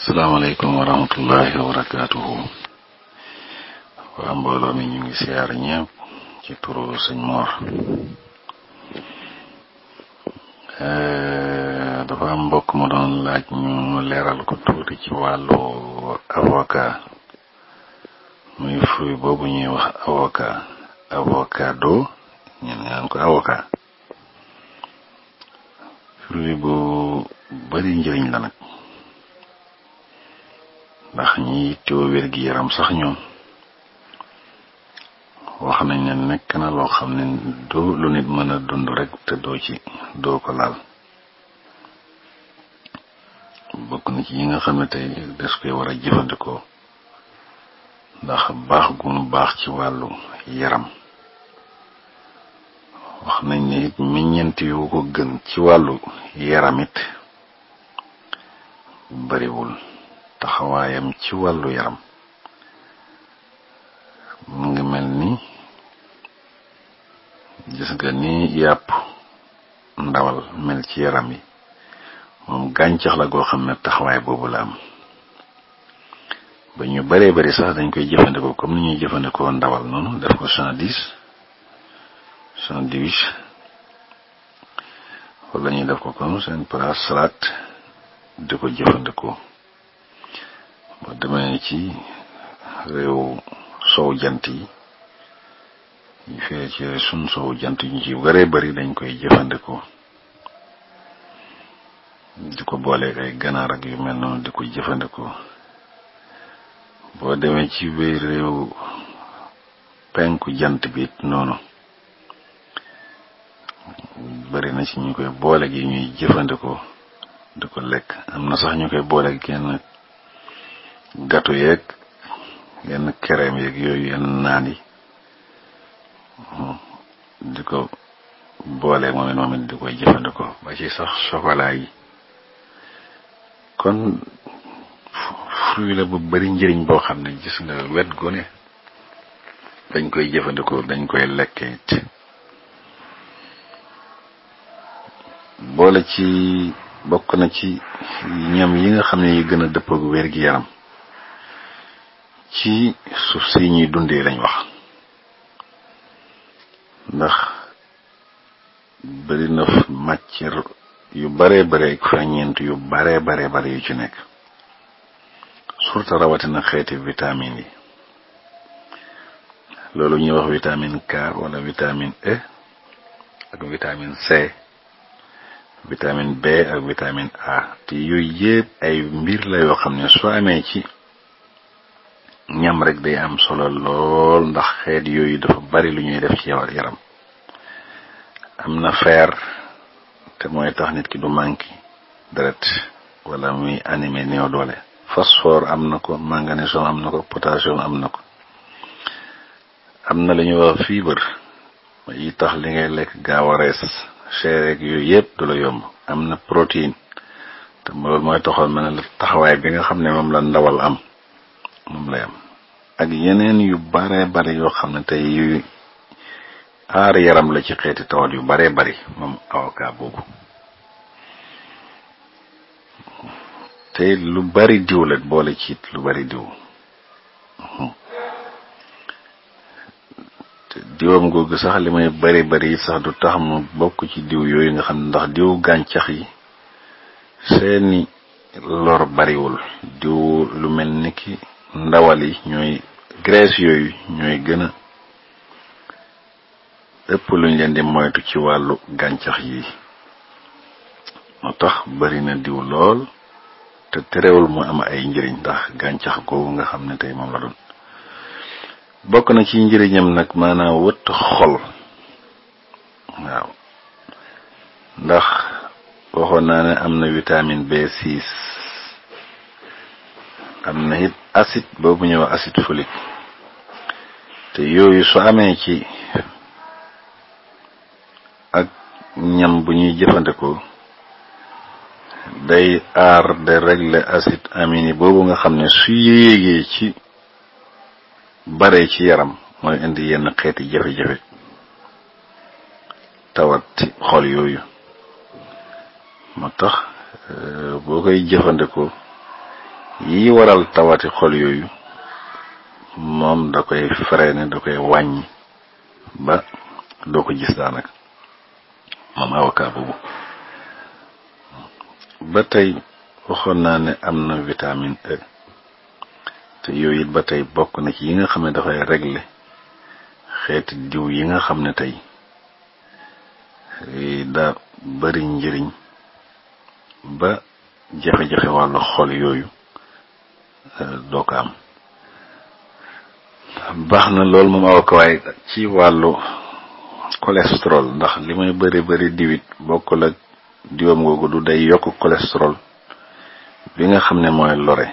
salaamaaleykum wa rahmatullahi wa barakaatuhu waa mbooloo mi ñu ngi siyaar ñëpp ci turu sëñ Mor eh, dafa am mbokk mu doon laaj ñu leeral ko tuuti ci wàllu avocat muy fruit boobu ñuy wax avocat avocado ñen naan ko avocat fruit bu bari njëriñ la nag ndax ñi yittewoo wér-gi yaram sax ñoom wax nañ ne nekk na loo xam ne doo lu nit mën a dund rek te doo ci doo ko laal bokk na ci yi nga xam ne tey des koy war a jëfandikoo ndax baax gu baax ci wàllu yaram wax nañ ne it meññeent yu ko gën ci wàllu yaramit it bariwul taxawaayam ci wàllu yaram mu ngi mel ni gis nga ni yàpp ndawal mel ci yaram yi moom gàncax la goo xam ne taxawaay boobu la am ba ñu bare bari sax dañ koy jëfandikoo comme ni ñuy jëfandikoo ndawal noonu def ko cent dix cent dix wala ñu def ko comme seen place salade di ko jëfandikoo boo demee ci réew soow jant yi ñu ci sun sow jant yi ñu ci bari dañ koy jëfandikoo di ko booleeg ay ganaar ak yu mel noonu di ko jëfandikoo boo demee ci biir réew penku jant bi noonu bari na ci ñu koy booleeg yi ñuy jëfandikoo di ko lekk am na sax ñu koy booleeg kenn gato yeeg yenn crème yeeg yooyu yenn naan yi hmm. di ko boolee moom it moom it di koy jëfandikoo ba ci sax chocolat yi kon fruit la bu bari njëriñ boo xam ne gis nga wet gu ne dañ koy jëfandikoo dañ koy lekke it boole ci bokk na ci ñam yi nga xam ne yi gën a dëppoo ak gi yaram ci suuf si ñuy dundee lañ wax ndax bari na yu baree bare ferñeent yu baree baree bare yu ci nekk surtout rawatina xeeti vitamine yi loolu ñuy wax vitamine K wala vitamine E ak vitamine C vitamine B ak vitamine A te yooyu yëpp ay mbir la yoo xam ne soo amee ci ñam rek day am solo lool ndax xeet yooyu dafa bari lu ñuy def ci yow yaram am na fer te mooy tax nit ki du manki deret wala muy animé néew doole phosphore am na ko manganésium am na ko potassium am na ko am na lu ñuy wax fibre yi tax li ngay lekk gaaw a rees yooyu yëpp du la yomb am na protéine te loolu mooy taxoon ma ne la taxawaay bi nga xam ne moom la ndawal am moom lay ak yeneen yu bare bari yoo xam ne tey yuy aar yaram la ci xeeti tawat yu bare bari moom avocat boobu te lu bari diw la boole ci lu bari diw diwam googu sax li may bari bari sax du tax mu bokk ci diw yooyu nga xam ne ndax diw gàncax yi seeni lor bariwul diw lu mel ni ki ndawal ñooy graisse yooyu ñooy gën a ëpp luñ leen di moytu ci wàllu gàncax yi moo tax bari na diw lool te terewul mu am ay njëriñ ndax gàncax googu nga xam ne tey moom la doon bokk na ci njëriñam nag maanaam wëtt xol waaw ndax waxoon naa ne am na vitamine B6 am na it acide boobu ñëw acide folique te yooyu su amee ci ak ñam bu ñuy jëfandikoo day aar de régler acide amini boobu nga xam ne su yéegee ci bare ci yaram mooy indi yenn xeeti jafe-jafe tawat ci yooyu moo tax euh, boo koy jëfandikoo yi waral tawati xol yooyu moom da koy freiné da koy wàññi ba doo ko gis daanaka moom avocat boobu ba tey waxoon naa ne am na vitamine E te yooyu it ba tey bokk na ci yi nga xam ne dafay régler xeeti diw yi nga xam ne tey eh, daa bari njëriñ ba jafe-jafe wàllu xol yooyu Euh, doo ko am baax na lool moom awa ko waaye ci wàllu cholestérol ndax li may bëri bëri diwit bokkul ak diwam googu du day yokk cholestérol bi nga xam ne mooy lore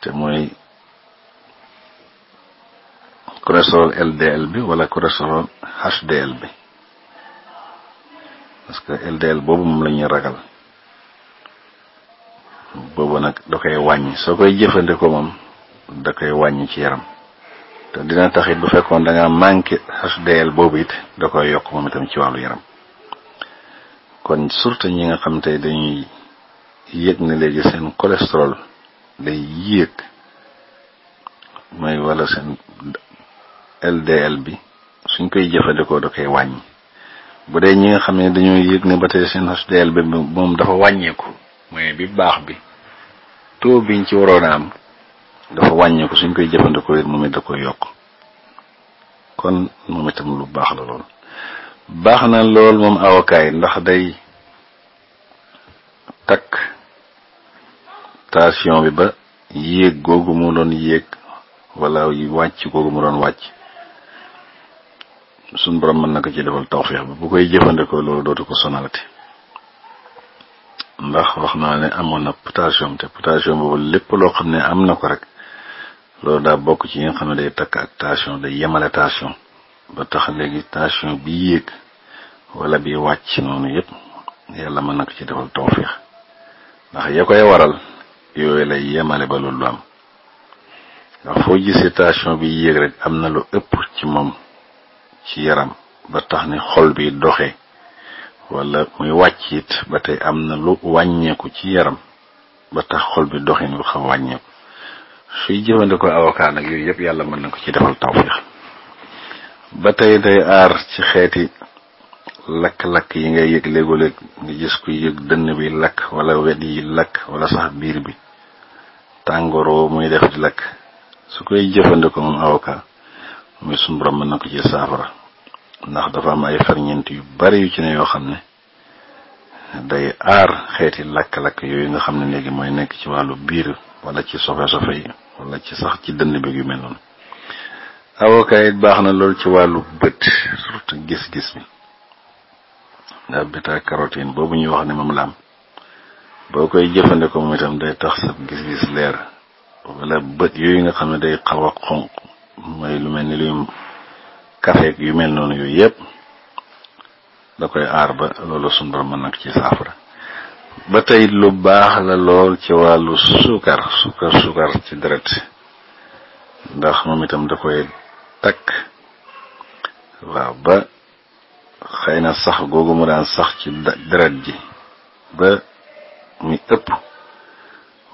te mooy cholestérol LDL bi wala cholestérol HDL bi parce que LDL boobu moom la ñuy ragal boobu nag da koy wàññi soo koy jëfandikoo moom da koy wàññi ci yaram te dina taxit bu fekkoon da nga manqué HDL boobu it da koy yokk moom itam ci wàllu yaram kon surtout ñi nga xam te dañuy yëg ne léegi seen cholestérol day yéeg mooy wala seen LDL bi suñ koy jëfandikoo da koy wàññi bu dee ñi nga xam ne dañoo yëg ne ba tey seen HDL bi moom dafa wàññeeku mooy bi baax bi taux biñ ci waroon a am dafa wàññeeku suñ koy jëfandikoo it moom it da koy yokk kon moom itam lu baax la lool baax na lool moom avocat yi ndax day takk tension bi ba yéeg googu mu doon yéeg wala wàcc googu mu doon wàcc suñ borom mën na ko ci defal tawfeex bi bu koy jëfandikoo loolu dootu ko sonalati ndax wax naa ne amoon na potassium te potassium boobu lépp loo xam ne am na ko rek loolu daa bokk ci yi nga xam ne day takk ak tension day yemale tension ba tax léegi tension bi yéeg wala bi wàcc noonu yëpp yàlla ma na ci ci defal tawfiix ndax ya koy waral yooyu lay yemale ba loolu du am ndax foo gisee tension bi yéeg rek am na lu ëpp ci moom ci yaram ba tax ni xol bi doxee wala muy wàcc it ba tey am na lu wàññeeku ci yaram ba tax xol bi doxin wi xaw wàññeeku suy jëfandikoo avocat nag yooyu yëpp yàlla mën na ko ci defal tawfiix ba tey day aar ci xeeti lakk-lakk yi ngay yëg léegoo-léeg nga gis ku yëg dënn bi lakk wala wet yi lakk wala sax biir bi tàngoroo muy def di lakk su koy jëfandikoo moom muy sunu borom mën na ko ci saafara ndax dafa am ay farñent yu bari yu ci ne yoo xam ne day aar xeeti lakk-lakk yooyu nga xam ne léegi mooy nekk ci wàllu biir wala ci sofe-sofe yi wala ci sax ci dënn bi yu mel noonu avocat it baax na lool ci wàllu bët surtout gis-gis bi ndax bêta carotène boobu ñuy wax ne moom la am boo koy jëfandikoo moom itam day tax sa gis-gis leer wala bët yooyu nga xam ne day xaw a xonq mooy lu mel ni luy kafeeg yu mel noonu yooyu yëpp da koy aar ba loolu suñu borom mën nag ci saafara ba tey lu baax la lool ci wàllu suukar suukar suukar ci deret ndax moom itam da koy takk waaw ba xëy na sax googu mu daan sax ci deret ji ba muy ëpp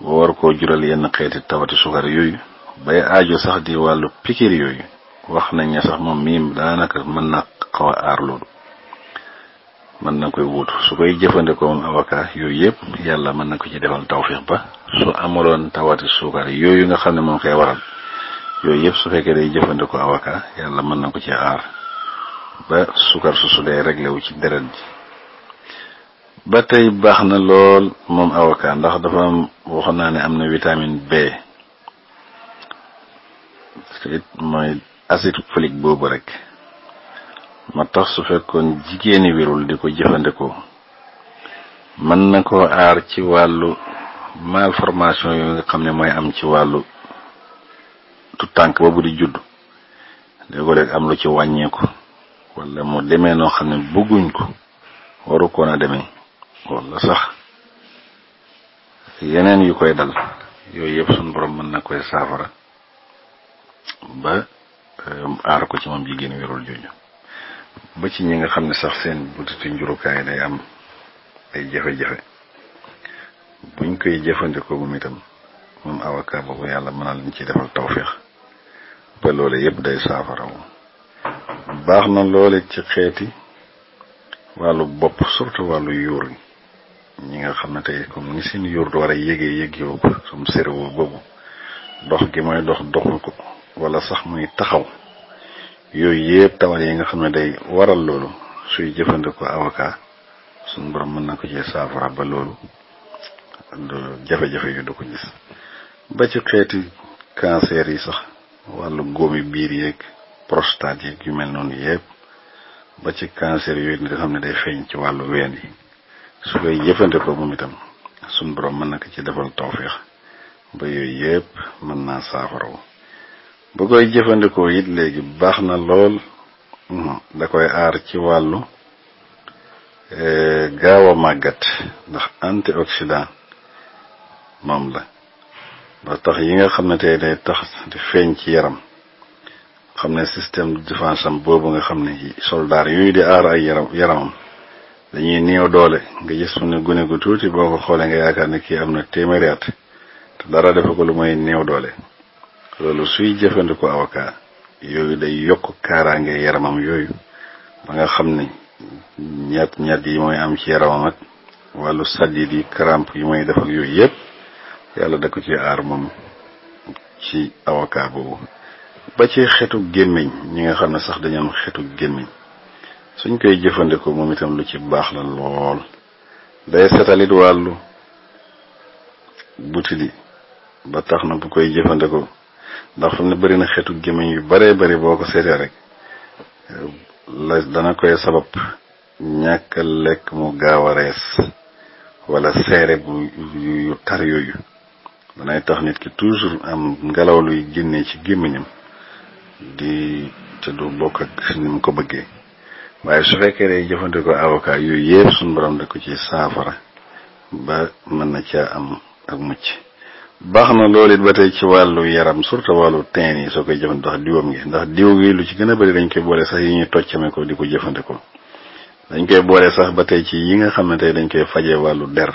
war koo jural yenn xeeti tawati suukar yooyu bay aajo sax di wàllu pikir yooyu wax nañ ne sax moom miim daanaka mën na xaw a aar loolu mën na koy wuutu su koy jëfandikoo moom avocat yooyu yëpp yàlla mën na ko ci defal tawfiix ba su amaloon tawati suukar yooyu nga xam ne moom koy waral yooyu yëpp su fekkee day jëfandikoo avocat yàlla mën na ko ci aar ba suukar su su dee ci deret ji ba tey baax na lool moom avocat ndax dafa am waxoon naa ne am na vitamine B mooy acide folique boobu rek ma tax su fekkoon jigéeni wérul di ko jëfandikoo mën na koo aar ci wàllu malformation yu nga xam ne mooy am ci wàllu tu tànk boobu di judd léegoo léeg am lu ci wàññeeku wala mu demee noo xam ne bëgguñ ko waru koon a demee wala sax yeneen yu koy dal yooyu yëpp suñu borom mën na koy saafara ba Ehm, aar ko ci moom jigéen wérul jooju ba ci ñi nga xam ne sax seen butitu njurukaay day am ay jafe-jafe buñ koy jëfandikoo moom itam moom avocat boobu yàlla mënal liñ ciy defal tawféex ba loole yëpp day saafara baax na loole ci xeeti wàllu bopp surtout wàllu yuur ñi nga xam ne tey comme ni seen yuur war a yégee yëg yow sum séréwo boobu dox gi mooy dox doxu ko wala sax muy taxaw yooyu yëpp tawal yi nga xam ne day waral loolu suy jëfandikoo avocat suñ borom mën na ko ci saafara ba loolu du jafe-jafe yu du ko gis ba ci xeeti cancer yi sax wàllu góomi biir yeeg prostate yeeg yu mel noonu yépp ba ci cancer yooyu nga xam ne day feeñ ci wàllu ween yi su koy jëfandikoo moom itam suñ borom mën na ko ci defal tawféex ba yooyu yépp mën naa saafarawu bu koy jëfandikoo it léegi baax na lool mhm. da koy aar ci wàllu eh, gaaw a ndax ndax antioxydant maam la ba tax yi nga xam ne tey day tax di feeñ ci yaram xam ne système de défense am boobu nga xam ne soldaar yooyu di aar ay yaram yaramam dañuy néew doole nga gis mu ne gune gu tuuti boo ko xoolee nga yaakaar ne kii am na téeméeri at te dara defu ko lu mooy néew doole loolu suy jëfandikoo awaka yooyu day yokk kaaraange yaramam yooyu ba nga xam ne ñat ñett yi mooy am ci yaramam ak wàllu sàddit yi crampe yi mooy defal yooyu yëpp yàlla da ko ci aar moom ci avocat boobu ba ci xetu gémmiñ ñi nga xam ne sax dañu am xetu gémmiñ suñ koy jëfandikoo moom itam lu ci baax la lool day setalit wàllu butit ba tax na bu koy jëfandikoo ndax fi mu ne bëri na xeetu gémmiñ yu baree bari boo ko seetee rek la dana koy sabab ñàkk lekk mu gaaw a rees wala seere bu yu tar yooyu danay tax nit ki toujours am ngelaw luy génnee ci gémmiñam di te du bokk ak ni mu ko bëggee waaye su fekkee day jëfandikoo avocat yooyu yëpp suñu borom da ko ci saafara ba mën na caa am ak mucc baax na loolu it ba tey ci wàllu yaram surtout wàllu teen yi soo koy jëfandikoo ndax diwam gi ndax diw gi lu ci gën a bëri dañ koy boole sax yi ñuy toccame ko di ko jëfandikoo dañ koy boole sax ba tey ci yi nga xamante dañ koy faje wàllu der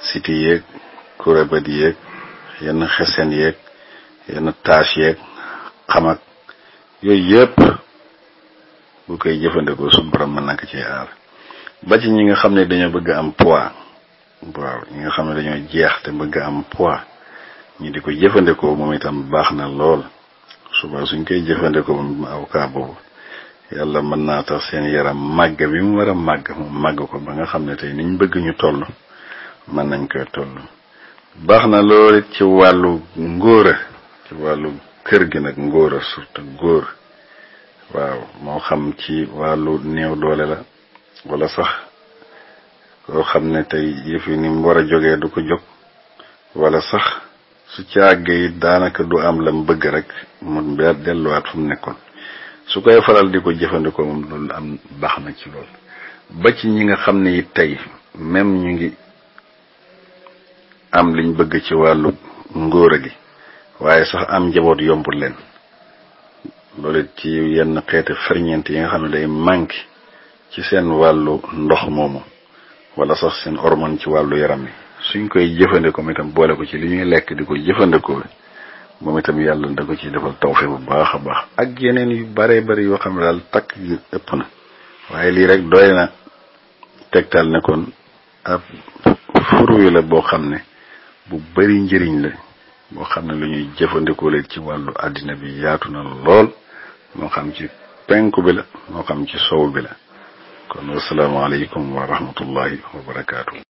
siti yeeg kurabat yeeg yenn xesen yeeg yenn tache yeeg yooyu yëpp bu koy jëfandikoo su borom ma na ko ci aar ba ci ñi nga xam ne dañoo bëgg am pois waaw ñi nga xam ne dañoo jeex te bëgg am pois ñi di ko jëfandikoo moom itam baax na lool suba suñ koy jëfandikoo moom avocat boobu yàlla mën naa tax seen yaram màgg bi mu war a màgg mu màgg ko ba nga xam ne tey niñ bëgg ñu toll mën nañ koy toll baax na lool ci wàllu ngóora ci wàllu kër gi nag ngóora surtout góor waaw moo xam ci wàllu néew doole la walla sax koo xam ne tey yëf yi ni mu war a jógee du ko jóg wala sax su ci àggee it daanaka du am lam bëgg rek mu mbeer delluwaat fu mu nekkoon su koy faral di ko jëfandikoo moom loolu am baax na ci loolu ba ci ñi nga xam ni it tey même ñu ngi am liñ bëgg ci wàllu ngóora gi waaye sax am njaboot yomb leen loolu ci yenn xeeti ferñeent yi nga xam ne day manqué ci seen wàllu ndox moomu wala sax seen hormone ci wàllu yaram yi suñ koy jëfandikoo moom itam boole ko ci li ñuy lekk di ko jëfandikoo moom itam yàlla da ko ci defal tawfe bu baax a baax ak yeneen yu bare bari yoo xam ne daal takk yu ëpp na waaye lii rek doy na tegtal ne kon ab fruit la boo xam ne bu bari njëriñ la boo xam ne lu ñuy jëfandikoo la ci wàllu àddina bi yaatu na lool moo xam ci penku bi la moo xam ci sow bi la kon wasalaamaaleykum wa rahmatullahi wa barakaatu.